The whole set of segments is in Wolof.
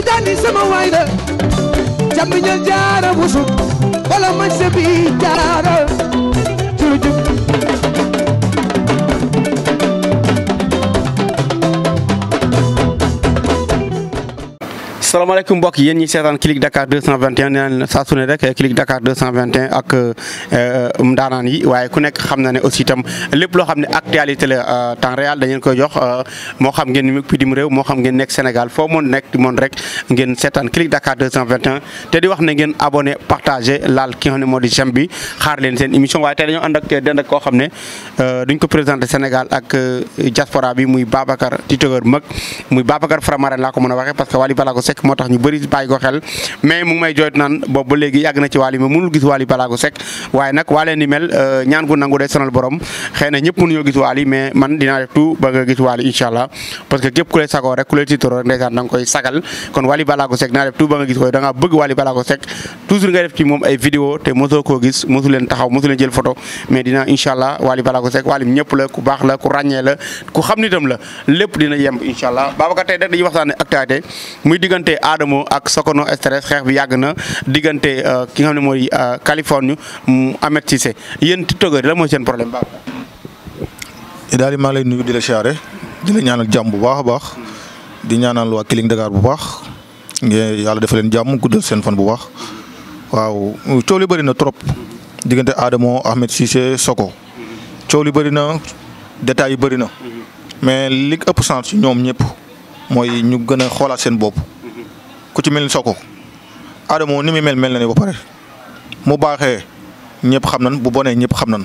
Cheikh Tidiane sama waay la jàmm ñal jaara busuk wala man se bi jaara salaamaaleykum mbokk yéen ñi seetaan Click Dakar 221 nee naan saa su eh, ak eh, eh, ndaanaan yi waaye ku nekk xam na ne aussi tam lépp loo xam ne actualité la euh, temps réel dañ leen koy jox euh, moo xam ngeen nekk bitim réew moo xam ngeen nekk Sénégal foo mën nekk moon rek ngeen seetaan Click Dakar 221 te di wax ne ngeen abonné partagé laal ki xam ne moo di bi xaar leen seen émission waaye tey dañoo ànd koo xam ne euh, duñ ko présenté Sénégal ak diaspora bi muy Babacar di tëgër mag muy Babacar Framaren laa a waxee parce Seck moo tax ñu bëri bàyyi ko xel mais mu may jooytu naan boobu ba léegi yàgg na ci Wally mais mënul gis Wally Ballago Seck waaye nag waalee ni euh, ñaan gu nangu day sonal borom xëy na la ku baax la ku ràññee la ku xam nitam la lépp dina yemb incha allah Babacar tey dañuy waxtaane actualité muy diggante diggante Adamo ak Sokono stress xeex bi yàgg na diggante euh, ki nga xam mooy euh, Californie Ahmed yéen tiktokeur mooy seen problème baax daal di maa di la di la ñaanal jàmm bu baax a baax di ñaanal waa Killing Dakar bu baax yàlla defal leen jàmm guddal seen fan bu baax waaw coow li bëri na trop diggante Adamo Ahmed Soko coow li bëri na détails yi bëri na mais li ëpp sens ñoom ñëpp mooy ñu gën a xoolaat seen bopp. ku ci mel ni Sokh Adamo ni muy mel mel na ni ba pare mu baaxee ñëpp xam nan bu bone ñëpp xam nan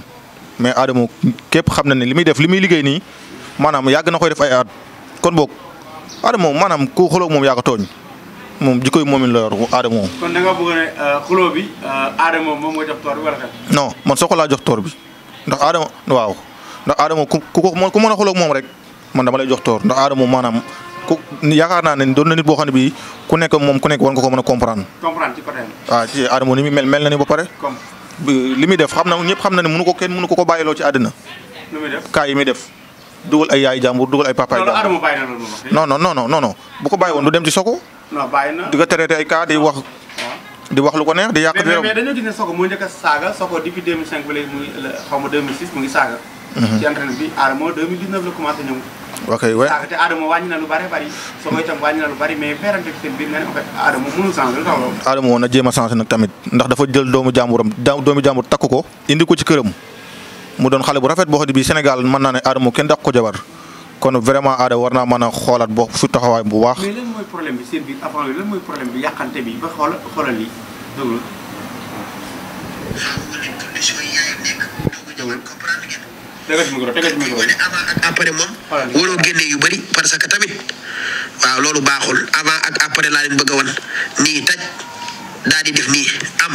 mais Adamo képp xam na ne li muy def li muy liggéey ni maanaam yàgg na koy def ay at kon boog Adamo maanaam ku xuloo moom yaa ko tooñ moom jikko yi euh, euh, moom la waaw ndax Adamo ku ku ko ku mën a xuloo moom rek man dama lay jox toor ndax Adamo maanaam ku yaakaar naa ne doon na nit boo xam ne bii ku nekk moom ku nekk war nga ko mën a comprendre. comprendre ci côté ni mel mel na ni ba pare. comme li muy def xam na ñëpp xam na ne mënu ko kenn ko ko bàyyiloo ci àddina. lu muy def kaa yi muy def. dugal ay yaay jàmbur dugal ay papa yi jàmbur non non bu ko bàyyi woon du dem ci Soko. non bàyyi na di ko traité ay cas di wax. Ah. di wax ko neex di yàq. mais mais dañoo ne Soko moo njëkk a saaga Soko depuis 2005 ba léegi mu ngi xaw ma 2006 saaga. Mhm. bi Adamo 2019 la commencé ok oui saako Adama wàññi na lu bari bari soo ko itam wàññi na lu bari mais feerante ci seen biir nga ne en Adama mënul changer lu a changer nag tamit ndax dafa jël doomu jàmburam doomu jàmbur takk ko indi ko ci këram mu doon xale bu rafet boo xam ne Sénégal mën naa ne Adama kenn dàq ko jabar kon vraiment Adama war naa mën a xoolaat bo su taxawaay bu waax mais tegal ci micro tegal ci avant ak après moom. waroo génne yu bëri parce que tamit waaw loolu baaxul avant ak après laa leen bëgg a wan nii taj daal di def nii am.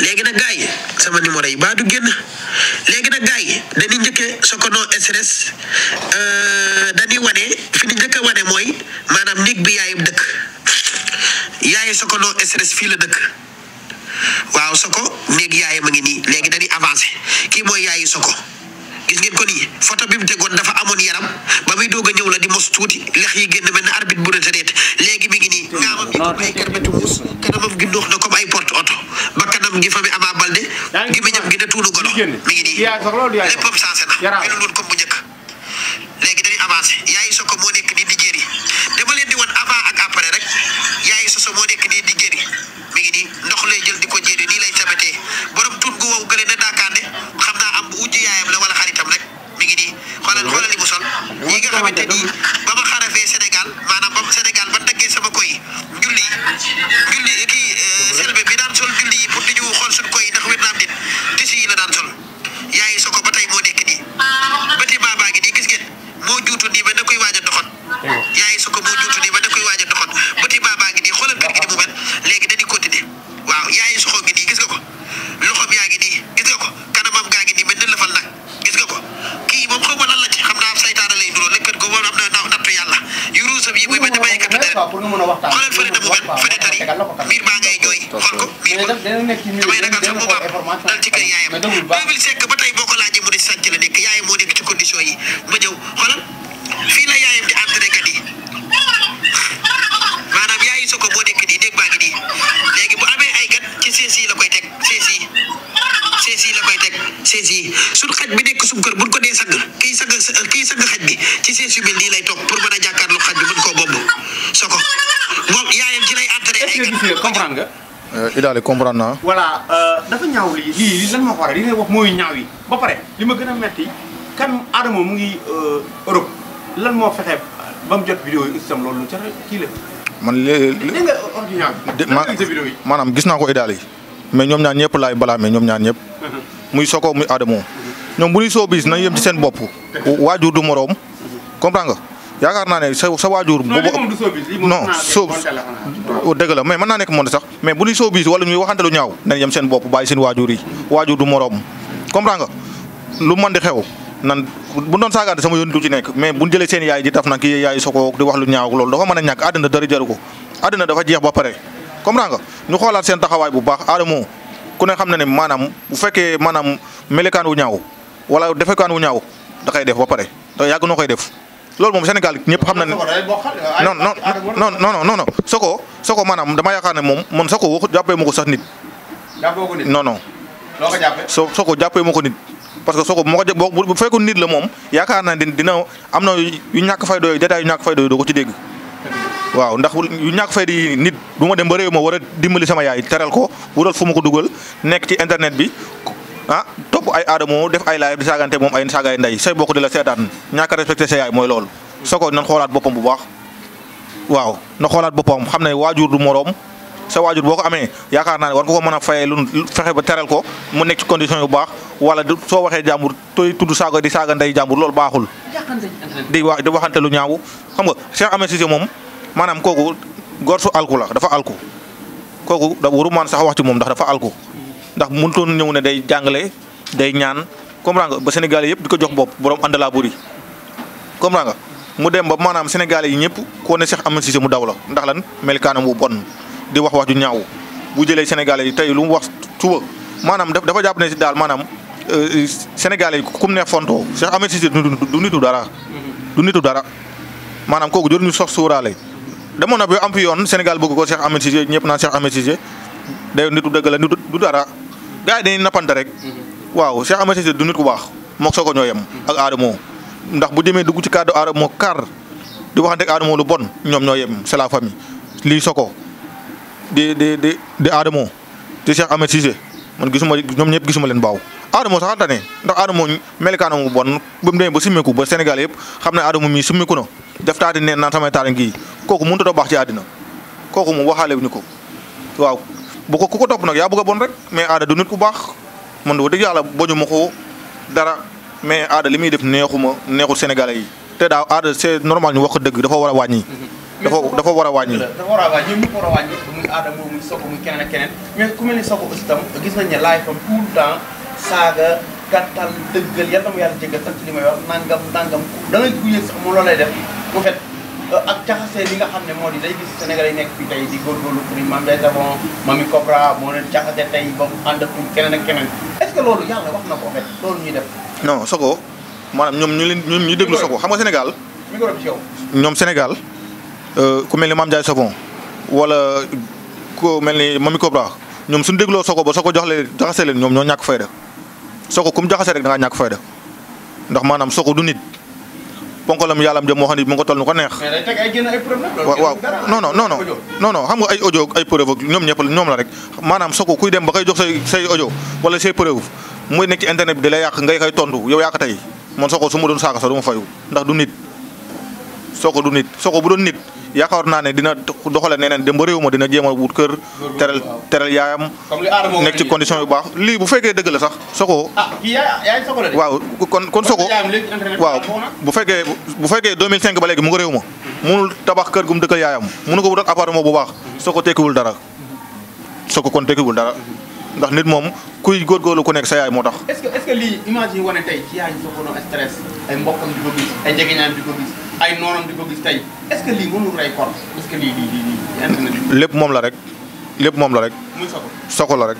léegi nag gars sama numéro yi baa du génn léegi nag gars yi dañuy njëkkee Sokono SRS euh, dañuy wane fi ñu njëkk wane mooy maanaam néeg bi yaayam dëkk yaay Sokono SRS fii la dëkk waaw Soko néeg yaayam a ngi nii léegi. avancé kii mooy yaayi Soko gis ngeen ko nii photo bi mu tegoon dafa amoon yaram ba muy doog a ñëw la di mos tuuti lex yi génn mel ne arbitre bu retraite léegi mi ngi nii ngaamam gi comme ay karmetu muus kanamam gi noox na comme ay porte oto ba kanam gi fa mi Ama Balde gi mi ñam gi ne tuunu golo mi ngi nii léppam sensé na melul woon comme bu njëkk léegi dañuy avancé yaayi Soko moo nekk di na bugal fu ne tari biir baa ngay jooy xool ko biir ba damay ragal sax bu baax dal ci kër yaayam Bibil Seck ba tey boo ko laajee mu ne sànc la nekk yaayam moo nekk ci condition yi ma ñëw xoolal fii la yaayam di entraîné kat yi maanaam yaayu soko moo nekk nii néeg baa ngi nii léegi bu amee ay gat ci sees yi la koy teg sees yi sees yi la koy teg sees yi suñ xaj bi nekk suñ kër buñ ko dee sàgg kii sàgg kii sàgg xaj bi ci sees yu mel nii lay toog pour mën a jàkkaarloo xaj bi mën koo bomb soko nga gisee comprendre nga. Euh, Idaale comprendre naa. voilà euh, dafa ñaaw lii lii lan moo ko li ngay wax mooy ñaaw ba pare li ma gën a metti kan Adama mu ngi euh, Europe lan moo fexe ba jot vidéo yi man léegi li nga gis naa ko Idaale yi mais ñoom ñaar ñëpp laay balaamee ñoom ñaan ñëpp. Mhm. muy Soko muy Adamo. Mhm. ñoom bu ñuy soo nañ yem ci seen bopp. waajur du moroom comprendre nga. yaakaar naa ne sa sa waajur. non non soo dëgg la mais mën naa nekk monde sax mais bu ñuy soobis wala ñuy waxante lu ñaaw nañ yem seen bopp bàyyi seen waajur yi waajur du moroom comprendre nga lu mën di xew nan bu doon saagaate sama yoon du ci nekk mais bu jëlee seen yaay ji taf na ki yaay soko di wax lu ñaaw lool dafa mën a ñàkk àddina dara jaru ko àddina dafa jeex ba pare comprendre nga ñu xoolaat seen taxawaay bu baax aadamoo ku ne xam na ne maanaam bu fekkee maanaam melekaan wu ñaaw wala defekaan wu ñaaw da def ba pare te yàgg noo koy def loolu moom Sénégal ñëpp xam na ne non non non non non non Soko Soko maanaam dama yaakaar ne moom man Soko waxut jàppee ma ko sax nit. jàppoo ko nit non non. ko jàppee ma ko nit. parce que Soko bu ma ko bu fekkoon nit la moom yaakaar naa dina am na yu ñàkk fay doy détail yu ñàkk fay doy doo ko ci dégg. waaw ndax yu ñàkk fay di nit bu ma dem ba réew war a dimbali sama yaay teral ko wutal fu ma ko dugal nekk ci internet bi. ah topp ay aada def ay live di saagante moom ay saagaay ndey say bokk di la seetaan ñàkk a respecté sa yaay mooy loolu. Sokone nan xoolaat boppam bu baax waaw na xoolaat boppam xam ne waajur du moroom sa waajur boo ko amee yaakaar naa ne war nga ko mën a fayee lu fexe ba teral ko mu nekk ci condition yu baax wala soo waxee jàmbur tooy tudd saaga di saaga ndey jàmbur baaxul. di wax di waxante lu ñaaw xam nga Cheikh Ahmed Cissé moom maanaam kooku góor su alku la dafa alku kooku da waru man sax wax ci moom ndax dafa alku ndax mënutoon ñëw ne day jàngale day ñaan comprendre nga ba Sénégalais yëpp di ko jox bopp borom àndalaa buri comprendre mu dem ba maanaam Sénégalais yi ñëpp koo ne mu daw la ndax lan melkaanam bu bon di wax wax ju ñaaw bu jëlee Sénégalais yi tey lu mu wax suba maanaam dafa jàpp ne si daal maanaam euh, Sénégalais yi ku mu ne fontoo Cheikh ko Cheikh Ahmed Cissé ñëpp naan Cheikh Ahmed Cissé day nitu dëgg la du dara. gars yi nappante rek. Mhm. waaw Cheikh Ahmed Cissé du nit ku baax mook soo ko ñoo yem. ak Adamo ndax bu demee dugg ci cadre Adamo car di waxante ak Adamo lu bon ñoom ñoo yem c'est la lii Soko di di di di Adamo di Cheikh Ahmed Cissé man gisuma ñoom ñëpp gisuma leen baaw. Adamo sax tane ndax Adamo melkaanam bu bon ba mu simmeeku ba Sénégal yëpp xam na Adamo mii simmeeku na def taati neen naan samay taal ngi kooku mënut a baax ci àddina kooku mu waxaale wuñu ko waaw. bu ko ku ko topp nag yaa bëgg a bon rek mais aada du nit ku baax man doo dëgg yàlla boñu ma ko dara mais aada li muy def neexuma neexu sénégalais yi te daa aada c'est normal ñu wax ko dëgg dafa war a wàññi. dafa dafa war a wàññi. dafa war a wàññi ñoom ñëpp war a wàññi muy aada moom muy soog muy keneen ak keneen mais ku mel ni soog aussi tam gis nañ ne laaj fam tout le temps saaga gàttal dëggal yàlla na ma yàlla jéggal tam ci sax mu loolay def Euh, ak jaxase li nga xam ne moo di day gis Sénégal yi nekk fi tey di góorgóorlu loolu yàlla wax na ko en fait loolu ñuy def. non Soko ñoom ñu leen ñu déglu Soko xam nga Sénégal. ñoom Sénégal euh, ku mel ni Mame Ndiaye Savon ku mel ni Mamy Cobra ñoom suñ dégloo Soko ba Soko jox leen jaxase leen ñoom ñoo ñàkk fayda Soko ku mu jaxase rek da ñàkk fayda ndax maanaam Soko du nit. ponkalam lam jëm moo xam moo mu ngi ko toll nu ko neex. mais day teg ay génn ay preuve xam nga ay audio ay preuve ak ñoom ñëpp ñoom la rek maanaam soko kuy dem ba koy jox say say audio wala say preuve mooy nekk ci internet bi da lay yàq ngay koy tontu yow yàq tey man soko su ma doon saaka sax du ma fayu ndax du nit soko du nit soko bu doon nit yaakaar naa ne dina doxale neneen dem ba réew ma dina jéem a wut kër. teral teral yaayam. nekk ci condition yu baax lii bu fekkee dëgg la sax Sokho. Ah, waaw kon kon Sokho waaw ah. bu fekkee bu fekkee 2005 ba léegi mu ngi réew ma. munul tabax kër gu mu dëkkal yaayam munu ko wutal appartement bu baax. Sokho tekkiwul dara. Sokho kon tekkiwul dara. ndax nit moom kuy góorgóorlu ku nekk sa yaay moo tax. est ay noonam moom la rek lépp moom la rek. muy la rek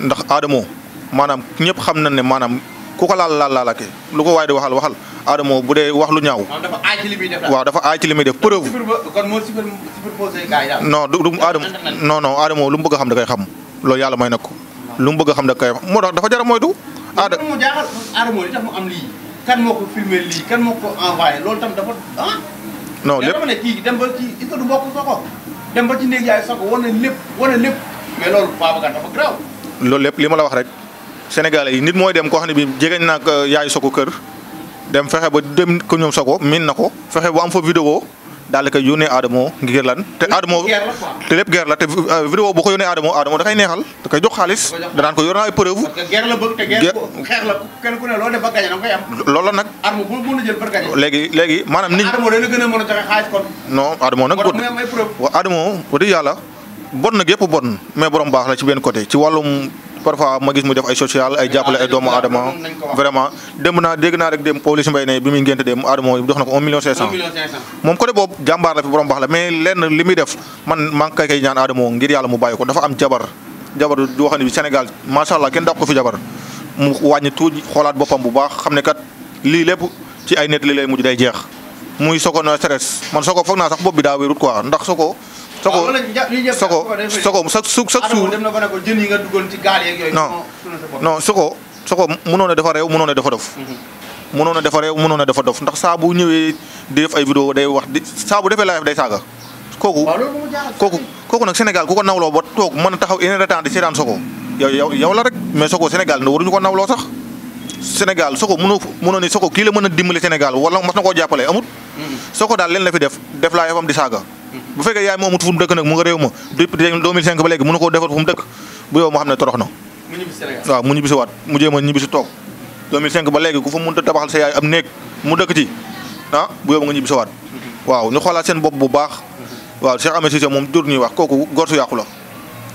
ndax Adamo maanaam ñëpp xam na ne maanaam ku ko laal laal laala kay lu ko waaye di waxal waxal Adamo bu dee wax lu ñaaw. waaw dafa aay ci li muy def waaw dafa aay ci li muy preuve. kon moo superposé Adamo lu mu bëgg xam da kay xam loolu yàlla may na ko. lu mu xam da koy moo tax dafa jar moytu. aada kan moo ko filmé lii kan moo ko envoyé loolu tam dafa ah. non lépp bokk Sokko dem ba wane lépp loolu lépp li ma la wax rek sénégalais yi nit mooy dem koo xam ne bi jegeñ naa euh, yaay ko kër dem fexe ba dem ko ñoom ko miin na ko fexe bu am fa vidéo daal di koy yónnee Adamo ngir lan te Adamo te lépp guerre la te euh, vidéo boo ko yónnee Adamo Adamo da koy neexal da koy jox xaalis danaan ko yor naa ay preuve loo def nag arme bu mën a jël ba léegi léegi maanaam nit Adamo dana gën a mën a joxe xaalis kon non Adamo nag waaw Adamo wax dëgg yàlla bon nag yëpp bon mais borom baax la ci benn côté ci wàllum parfois ma gis mu def ay social ay jàppale ay doomu aadama vraiment démb naa dégg naa rek démb Pawlish Mbaye ne bi muy ngénte démb aadama jox na ko un million cinq cent moom côté boobu jàmbaar la fi borom baax la mais lenn li def man maa ngi koy koy ñaan aadama ngir yàlla mu bàyyi ko dafa am jabar jabar yoo xam ne bi Sénégal macha kenn daq ko fi jabar mu wàññi tuuti xoolaat boppam bu baax xam ne kat lii lépp ci ay nit li lay mujj day jeex muy soko sogo sogo sogo chaque su chaque jour non non sogo sogo mënoon a dafa a dafa dof mhm. a dafa réew mënoon a dafa dof ndax saa bu ñëwee di def ay vidéo day wax di saa bu defee live day saaga kooku kooku kooku nag Sénégal ku ko nawloo ba toog mën a taxaw une temps di seetaan sogo yow yow yow la rek mais sogo Sénégal na waruñu ko nawloo sax Sénégal soko mënoo mënoo ni soko kii la mën a dimbali Sénégal wala mas na koo jàppale amut mhm. soko daal leen la fi def def laa yafam di saaga bu fekkee yaay moomut fu mu dëkk nag mu nga réew ma depuis 2005 ba léegi mënu koo defar fu mu dëkk bu yow moo xam ne torox waaw mu ñibbisi waat mu jéem a ñibbisi toog 2005 ba léegi ku fa mënut a tabaxal sa yaay am néeg mu dëkk ci ah bu yow nga ñibbisi waat waaw ñu xoolaat seen bopp bu baax waaw Cheikh Ahmed Cissé moom jur ñuy wax kooku gor su yàqu la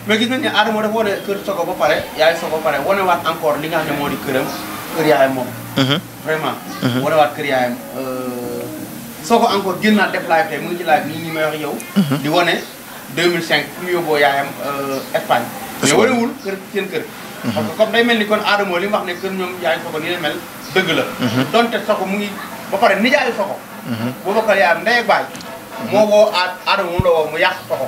mais gis nañ ne Adama dafa wane kër soo ko encore génn naa def live tey mu ngi ci live nii ni may wax yow. Mhm. di wane 2005 fu mu yóbboo yaayam euh, Espagne. mais wanewul kër seen kër. Mhm. comme day mel ni kon Adamo li mu wax ne kër ñoom yaay Sokko ni la mel dëgg la. Mhm. donte ko mu ngi ba pare nijaayu Sokko. boo bokkal yaayam ndey ak baay. moo woo Adamo moom la woo mu yàq Sokko.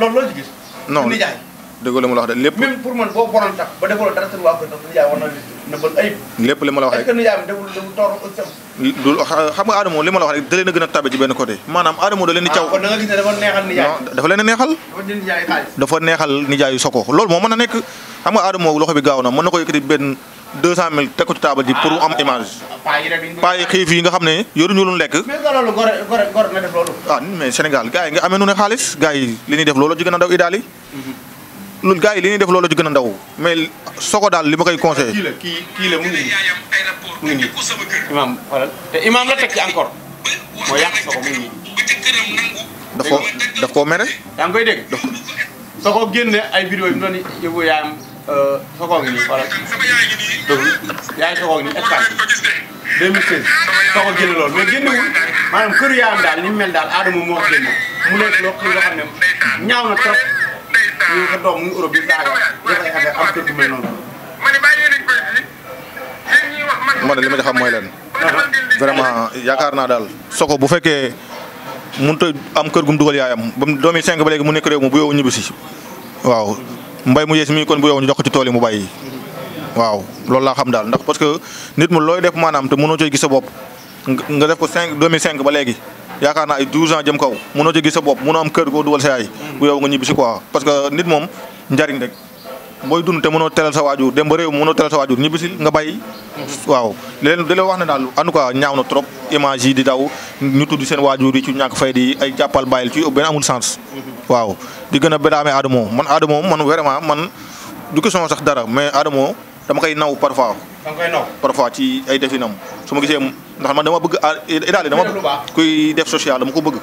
loolu loolu ci gis. non nijaay. dëgg la ma de lépp pour man boo bonoon lépp li ma la wax rek est xam nga Adamo li ma rek da leen a gën a tabe ci benn côté maanaam Adamo da leen di caw ah, dafa neexal dafa leen a neexal dafa neexal nijaayu soko loolu moo mën a nekk xam nga Adamo loxo bi gaaw na mën na ko yëkkati benn deux cent mille teg ko ci taabal ji pour am ah, image ah, paa yi xiif yi nga xam ne yoruñu lu lekk ah mais Sénégal gars yi nga amee nu ne xaalis gars yi li ñuy def loolu ji gën a daw idaal loolu gars yi li ñuy def loolu di gën a ndaw mais soko daal li ma koy conseillé. kii la kii kii la mu ngi nii mu te imaam la teg ci encore moo yàq soko mu koo daf koo koy dégg. soko génne ay vidéo yi mu doon yóbbu yaayam euh, soko ngi nii xoolal yaay soko ngi nii Espagne 2016 soko génne loolu mais génnewul maanaam kër yaayam daal ni mu mel daal aadama moo génne mu nekk loo xam ne ñaaw na trop. ñu ngi li ma ci xam mooy leen. vraiment yaakaar naa daal Sokko bu fekkee mënut a am kër gu mu dugal yaayam ba doom yi cinq ba léegi mu nekk réew mu bu yow ñibbi si waaw mbay mu yees mi kon bu yow ñu jox ko ci tool yi mu bàyyi. waaw loolu laa xam daal ndax parce que nit mu looy def maanaam te mënoo cay gis sa bopp nga def ko cinq 2005 ba léegi. yaakaar naa ay 12 ans jëm kaw munoo ci sa bopp munoo am kër goo dugal sa yaay bu yow nga ñibbi si quoi parce que nit moom njariñ rek booy dund te mënoo teral sa waajur dem ba réew mënoo teral sa waajur ñibbi si nga bàyyi waaw leen da wax ne daal en tout cas ñaaw na trop image yi di daw ñu tudd seen waajur yi ci ñàkk fay di ay jàppal bàyyil ci benn amul sens waaw di gën a bédaamee aadamoo man aadamoo man vraiment man du question sax dara mais aadamoo dama koy naw parfois. dama koy naw parfois ci ay definam su ma gisee ndax man dama bëgg a Idaly dama kuy def social dama ko bëgg.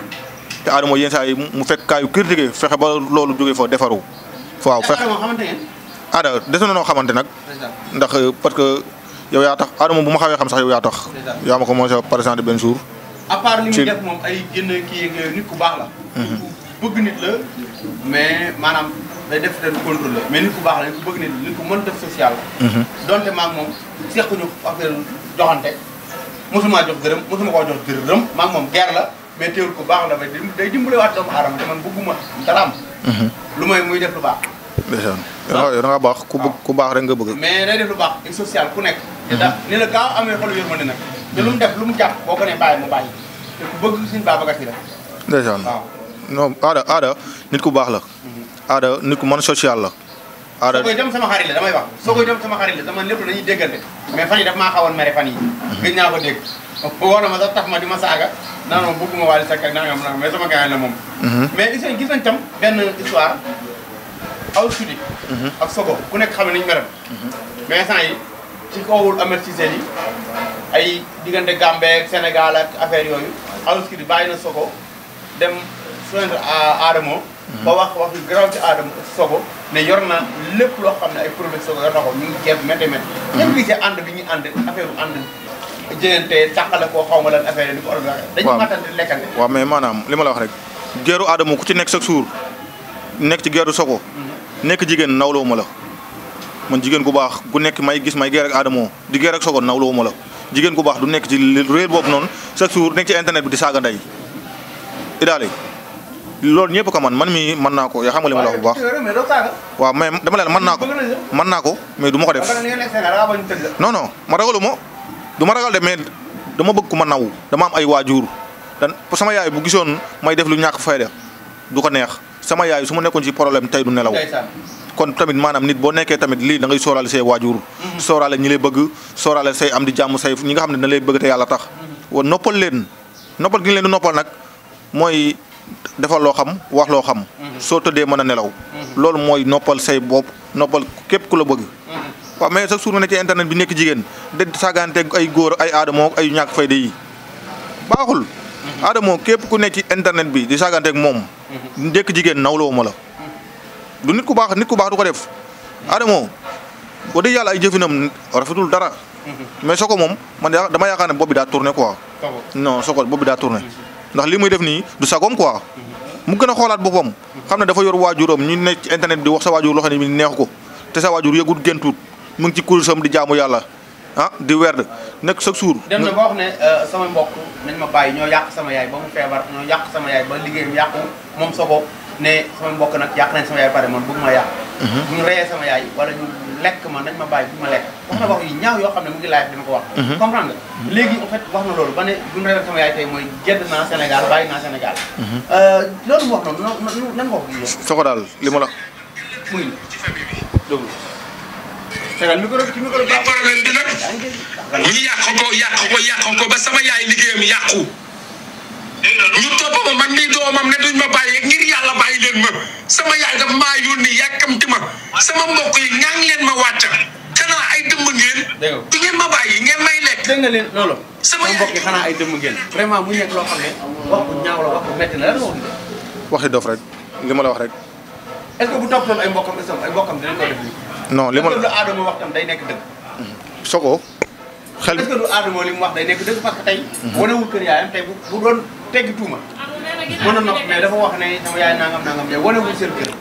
te Adama yenn saa yi mu fekk kaayu critiqué fexe ba loolu jógee fa defaru waaw fexe aada des na noo xamante nag. ndax euh, parce que yow yaa tax Adama bu ma xawee xam sax yow yaa tax. yaa ma ko mos a présenté benn jour. day def ren contrôleur mais nit ku baax la nit ku bëgg nit nit ku mën def social la. Mhm. donte maag moom sequñu affaire joxante mosuma jox dërëm mosuma moom guerre la mais teewul ku baax la day dimbale waat doomu aadama te man mhm. lu may muy def lu baax. ndeysaan da nga baax ku bëgg ku baax rek nga bëgg. mais day def lu baax et social ku nekk. Mhm. te tax ni la lu mu def lu mu jàpp boo ko nee bàyyi mu bàyyi te ku nit ku baax la. aada nit ku mën social la. aada soo koy dem sama xarit la damay wax soo koy dem sama xarit la dama lépp dañuy déggante mais fan yi daf maa xawoon mere fan yi mhm. gëj naa ko dégg woo na ma sax tax ma di ma saaga naan ma bëgguma Wally Seck ak nangam nangam mais sama gars la moom. Mhm. mais gis nañ gis nañ tam benn histoire aw sudi mhm. ak Sogo ku nekk xam ne nañu meram mais instant yi ci koowul amertisel yi ay diggante Gambie Sénégal ak affaire yooyu aw sudi bàyyi na Sogo dem joindre Adamo ba wax wax lu ci aadama sogo ne yor na lépp loo xam ne ay produits sogo yor na ko ñu ngi mhm. mais maanaam li ma la wax rek geeru aadama ku ci nekk sa suur nekk ci geeru sogo mhm. nekk jigéen nawloo ma man jigéen ku baax ku nekk may gis may geer ak aadamoo di geer ak sogo nawloo ma la jigéen ku baax du nekk ci réer boobu noon chaque jour nekk ci internet bi di saaga ndey idaale loolu ñëpp ko man man mii man naa ko yaa xam nga ma la wax bu baax. waaw mais dama leen man naa ko. man naa ko mais du ma ko def. non non ma ragalu ma du ma ragal de mais dama bëgg ku ma naw dama am ay waajur dan sama yaay bu gisoon may def lu ñàkk fayda du ko neex sama yaay su ma nekkoon ci problème tey du nelaw. kon tamit maanaam nit boo nekkee tamit lii da sooral sóoraale say waajur. Mm-hmm. sóoraale ñi lay bëgg sóoraale say am di jàmm say ñi nga xam ne dañ lay bëgg te yàlla tax. Mm-hmm. wa noppal leen noppal defal loo xam wax loo xam. Mhm. soo tëddee mën a nelaw. Mhm. loolu mooy noppal say bopp noppal képp ku la bëgg. Mhm. waaw mais sax suur nga ne ci internet bi nekk jigéen de saagaanteeg ay góor ku ne ci internet bi di saagaanteeg moom. ndekk jigéen nawloo ma la. du nit ku baax nit ku baax du ko def. aadamoo wax dëgg yàlla ay jëfinam rafetul dara. mais soko moom man dama yaakaar ne bopp bi daa tourné quoi. Ah non soko bopp daa tourné. ndax li muy def nii du sagoom quoi mu gën a xoolaat boppam xam ne dafa yor waajuram ñu ne ci internet di wax sa waajur loo xam ne mi neexu ko te sa waajur yëgut géntut mu ngi ci kursam di jaamu yàlla ah di werd nekk sa suur. dem na ba wax ne euh, sama mbokk nañ ma ñoo yàq sama yaay ba mu feebar ñoo yàq sama yaay ba liggéeyam yàqu moom sa bopp ne sama mbokk nag yàq nañ sama yaay pare man bëgg ma yàq mhm. bu ñu reyee sama yaay wala ñu lekk ma nañ ma bàyyi bu ma lekk wax na xam ne mu laaj dina ko wax mhm. comprendre mhm. na loolu ba ne bu ñu reyee sama yaay tey mooy gedd naa Sénégal bàyyi naa Sénégal euh, loolu mu wax noonu nan nga wax gi soko daal li ma la muy yàq ko yàq ko yàq ko ba sama yaay liggéeyam yàqu ñu topp ma man mii ne duñ ma bàyyi ngir yàlla bàyyi leen ma sama yaay daf maa yónni yàkkamti ma sama mbokk yi ñaan leen ma wàcca xanaa ay dëmb ngeen du ngeen ma bàyyi ngeen may lekk dégg loolu sama mbokk yi ay dëmb ngeen mu nekk loo xam ne wax rek li ma la wax rek est-ce que bu toppoon ay mbokkam itam ay mbokkam ko def lii non li ma la aadama wax day nekk dëgg mm-hmm. soko xel est-ce que lu aadama li mu wax nekk mm-hmm. bu doon tegg tuuma.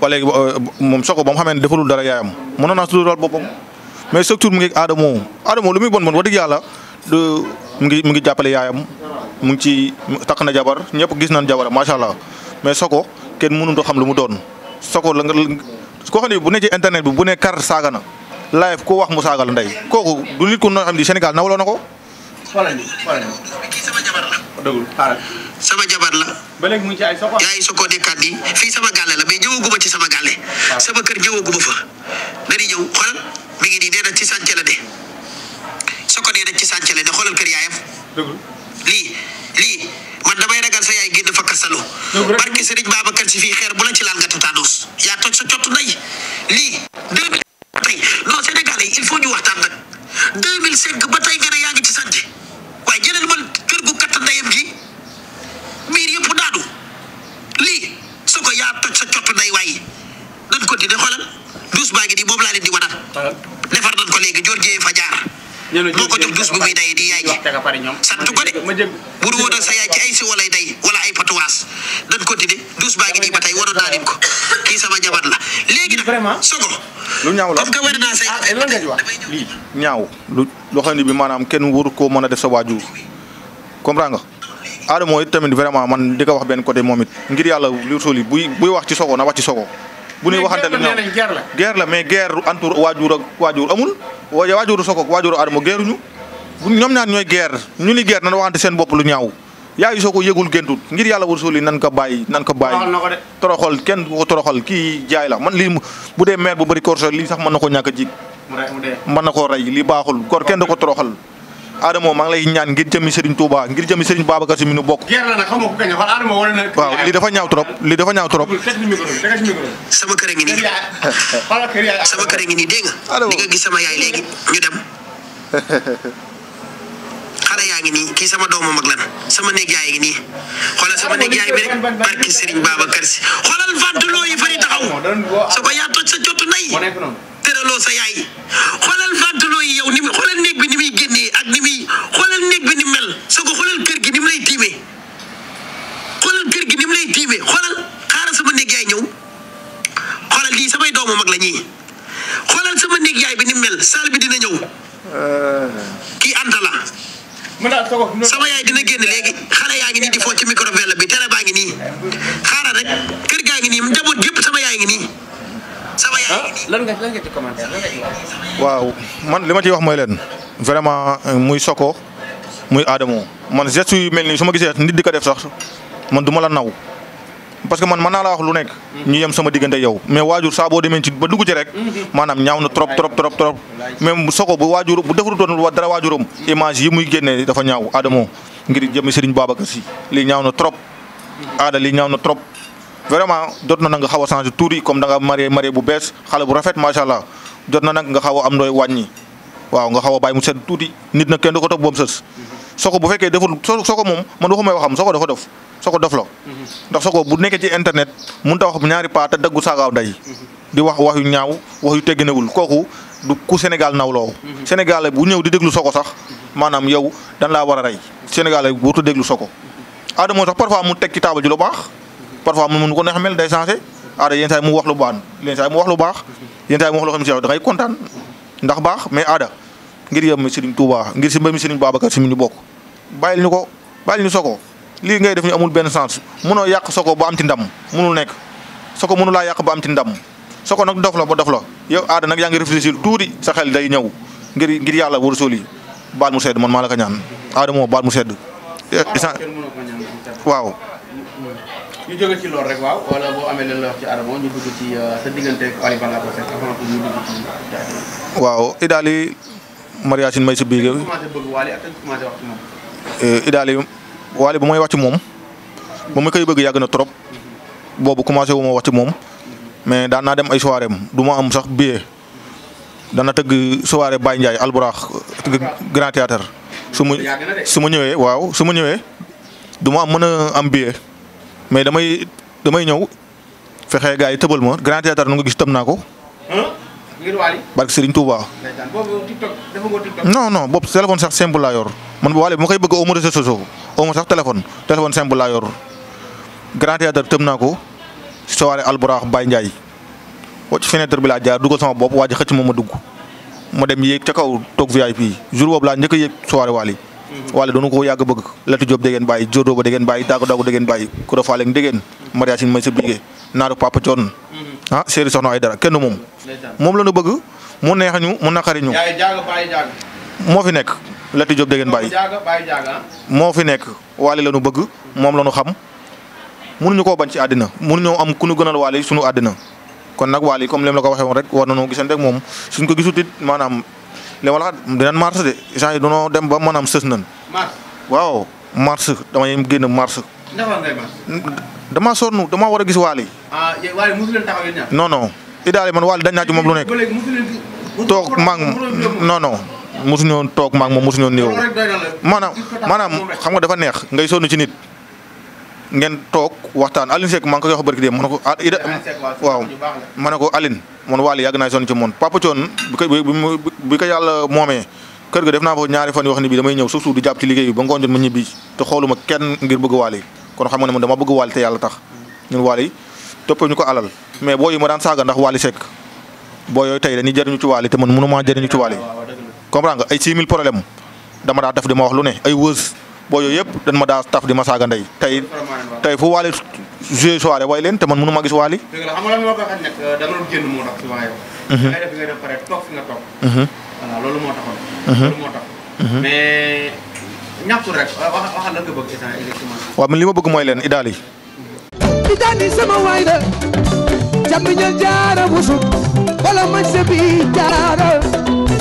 Euh, moom Sokone ba mu xamee ne defalul dara yaayam mënoon naa sutural boppam mais surtout mu ngi ak Adamo lu muy bon bon wax dëgg mu ngi mu ngi jàppale yaayam mu ngi ci takk na jabar ñëpp gis na jabar macha allah mais soko kenn mënut a xam lu mu doon soko la nga xam ne bu ne ci internet bi bu ne kar saaga na live ko wax mu saagal ndey kooku du nit ku noo xam ne Sénégal nawloo na ko. sama jabar la. ba léegi mu ngi ci ay yaay soko nekkaat nii fii sama gàlle la mais ñëwaguma ci sama gàlle. Ah. sama kër ñëwaguma fa. nani ñëw xoolal mi ngi nii nee na ci sànce la de soko nee ci sànce la de xoolal kër yaayam. lii lii man damay ragal sa yaay génn fa kasalu. dëgg la barke ba Babacar si fii xeer bu la ci laal nga tataanoos. yaa toj sa cottu nay lii. deux mille tey non Sénégalais ñu waxtaan nag deux mille ba tey nga ne yaa ngi ci sànce waaye jëlal ma kër gu katt ndeyam gi. lii su ko yaa sa copp day waay dañ ko di de xoolal douche baa ngi nii moom laa leen di wanal. defar nañ ko léegi joor jee fa jaar. moo ko jox douche bu muy day di yaay ji sant ko de bu du woon sa yaay ay si wala ay patuwaas dañ ko di de douche baa ngi nii ba tey waroon naa leen ko kii sama jabar la léegi nag sogo lu ñaaw la comme que wane naa say ah, lan nga ñaaw lu loo xam ne bi maanaam kenn waru ko mën a def sa waajur comprends nga Adamo it tamit vraiment man di ko wax benn côté moom moomit ngir yàlla li suul yi buy buy wax ci Sokh na wax ci Sokh bu ñuy waxante lu ñaaw geer la mais guerre entre waajur ak waajur amul waajuru Sokh ak waajuru Adamo guerruñu ñoom ñaar ñooy guerre ñu ni guerre nan waxante seen bopp lu ñaaw yaayu soo ko yëgul géntut ngir yàlla war suul yi nan ko bàyyi nan ko bàyyi toroxal kenn ko toroxal kii jaay la man lii bu dee maire bu bëri korso lii sax mën na ko ñàkk a jig mën na koo rey li baaxul gor kenn du ko toroxal Adamo maa ngi lay ñaan ngir jëmi Serigne Touba ngir jëmi Serigne Babacar Sy mi nu bokk. waaw li dafa ñaaw trop li dafa ñaaw trop. sama kër a ngi nii sama ngi nii dégg nga. di nga gis sama yaay léegi ñu dem. xale yaa ngi nii kii sama doomu mag lan sama néeg yaay ngi nii xoolal sama néeg bi rek barki Serigne Babacar Sy xoolal ventilo yi fay taxaw soo yaa toj sa jotu nay tëraloo sa yaay xoolal ventilo yi yow ni xoolal soo ko xoolal kër gi ni mu lay tiimee xoolal kër gi ni mu lay tiimee xaaral sama néeg yaay ñëw xoolal lii samay doomu mag la ñii xoolal sama néeg yaay bi nim mu mel saal bi dina ñëw kii Anta la. sama yaay dina génn léegi xale yaa ngi nii di foo ci microvelle bi tere baa ngi nii xaaral rek kër gaa ngi nii njaboot yëpp sama yaay ngi nii sama yaay ngi nii. waaw man li ma ciy wax mooy leen vraiment euh, muy soko muy Adamo man geste yu mel nii su ma gisee nit di ko def sax man du ma la naw parce que man mën naa la wax lu nekk. ñu yem sama diggante yow mais waajur saa boo demee ci ba dugg ci rek. maanaam ñaaw na trop trop trop trop. même Sokko bu waajur bu defarutoon dara waajuram image yi muy génnee dafa ñaaw Adamo ngir jëmi Serigne Babacar Sy lii ñaaw na trop. aada lii ñaaw na trop. vraiment jot na a da nga marié marié bu bees xale bu rafet a am a nit na kenn du ko topp ba sës. Sokho bu fekkee deful Sokho moom man waxumay waxam Sokho dafa dof Sokho dof la. Mm-hmm. ndax Sokho bu nekkee ci internet mënut a wax ñaari paa te daggu saagaaw day mm-hmm. di wax wax yu ñaaw wax yu tegginewul kooku du ku Sénégal nawloo. Mm-hmm. Sénégalais bu ñëw di déglu Sokho sax maanaam yow dan laa war a rey Sénégalais warut a déglu Sokho. aada mooy sax parfois mu teg ci taabal ji lu baax parfois mu mun ko neex mel day changé aada yenn saa mu wax lu baax yenn saa yi mu wax lu baax yenn saa yi mu wax loo xam ne ndax baax mais aada ngir yem Serigne Touba ngir si mbéyum Serigne Babacar si mu ñu bokk bàyyil ñu ko bàyyil ñu Sokko lii ngay def ñu amul benn sens munoo yàq Sokko ba am ci ndam munul nekk Sokko mënu laa yàq ba am ci ndam Sokko nag dof la ba dof la yow aada nag yaa ngi réfléchir tuuti sa xel day ñëw ngir ngir yàlla war sóol yi baal mu sedd man maa la ko ñaan aada moo baal mu sedd. Eh, waaw. ñu jóge ci loolu rek waaw wala boo amee leen la wax ci Adamo ñu dugg ci euh, sa diggante ak mariasin may si biir idaali waali ba may wax ci moom ba ma koy bëgg yàgg na trop boobu commencé wu ma wax moom mais daan naa dem ay soirée am du am sax billet dana tëgg soirée Baye Ndiaye Alburax Grand Théâtre su ma su ma ñëwee waaw su ma ñëwee duma am mën a am billet mais damay damay ñëw fexe gaa yi tëbal ma Grand Théâtre nu nga gis tam naa ko ngir Waly. barke Serigne Touba. boobu TikTok dafa nga TikTok. non non boobu téléphone sax simple laa man bu Waly ma koy bëgg a amoo réseaux sociaux amoo sax téléphone téléphone simple laa yor grand théâtre tëm naa ko soirée Alburax Baye Ndiaye fenêtre bi laa jaar dugal sama bopp waa ji xëcc ma ma dugg ma dem yéeg ca kaw toog VIP jour boobu laa njëkk a yéeg soirée Waly. Mhm. Waly doonu ko yàgg bëgg Lati Diop dégg ngeen bàyyi Dior Dóoba dégg ngeen bàyyi Dago Dago dégg ngeen bàyyi Koura may ah Serigne Soxna ay dara kenn moom. moom la ñu bëgg mu neex ñu mu naqari ñu. moo fi nekk Lati Diop dégg ngeen bàyyi moo fi nekk waale la ñu bëgg moom la ñu xam mënuñu ko bañ ci àddina ñoo am ku ñu gënal waale suñu àddina kon nag waale comme lem la ko waxee woon rek war nañoo gisante rek moom suñ ko gisut it maanaam li ma la wax mars de gens yi dañoo dem ba maanaam sës nañ. mars waaw mars damay génn mars. dama war ngay damaa war a gis waali. ah yéen waali mosu man waali dañ naa moom lu nekk. ba toog maa ngi non toog maa ngi moom mosu ñoo néew. maanaam maanaam xam nga dafa neex ngay sonn ci nit. ngeen toog waxtaan Aline Seck maa ngi koy wax barki dem ma ne ko ah Ida waaw ma ne ko Aline man waali yàgg naa sonn ci moom Papa Thion bi ko yàlla moomee. kër ga def naa fa ñaari fan yoo xam ne bii damay ñëw suuf suuf di jàpp ci liggéey ba ngoon ma ñibbi te xooluma kenn ngir bëgg waale kon xam nga ne man dama bëgg Wally te yàlla tax ñun Wally toppee ñu ko alal mais booy yi ma daan saaga ndax Wally Seck boo yooyu tey dañuy jëriñu ci Wally te man mënumaa jëriñu ci Wally comprends nga ay 6000 problème ma wax lu ne ay wës boo yooyu yëpp ma daa te man mënumaa gis Wally. dëgg la xam nga lan moo ko xam euh, da nga doon génn moo tax souvent yow. Mhm. nga def nga def pare toog fi nga toog. Mhm. voilà loolu moo taxoon. Mhm. loolu moo tax mais. ñàkkul rek wax waxal lan nga bëgg li ma bëgg mooy leen idaal yi. idaal sama waay la. jàmm ñal busuk wala man sa bi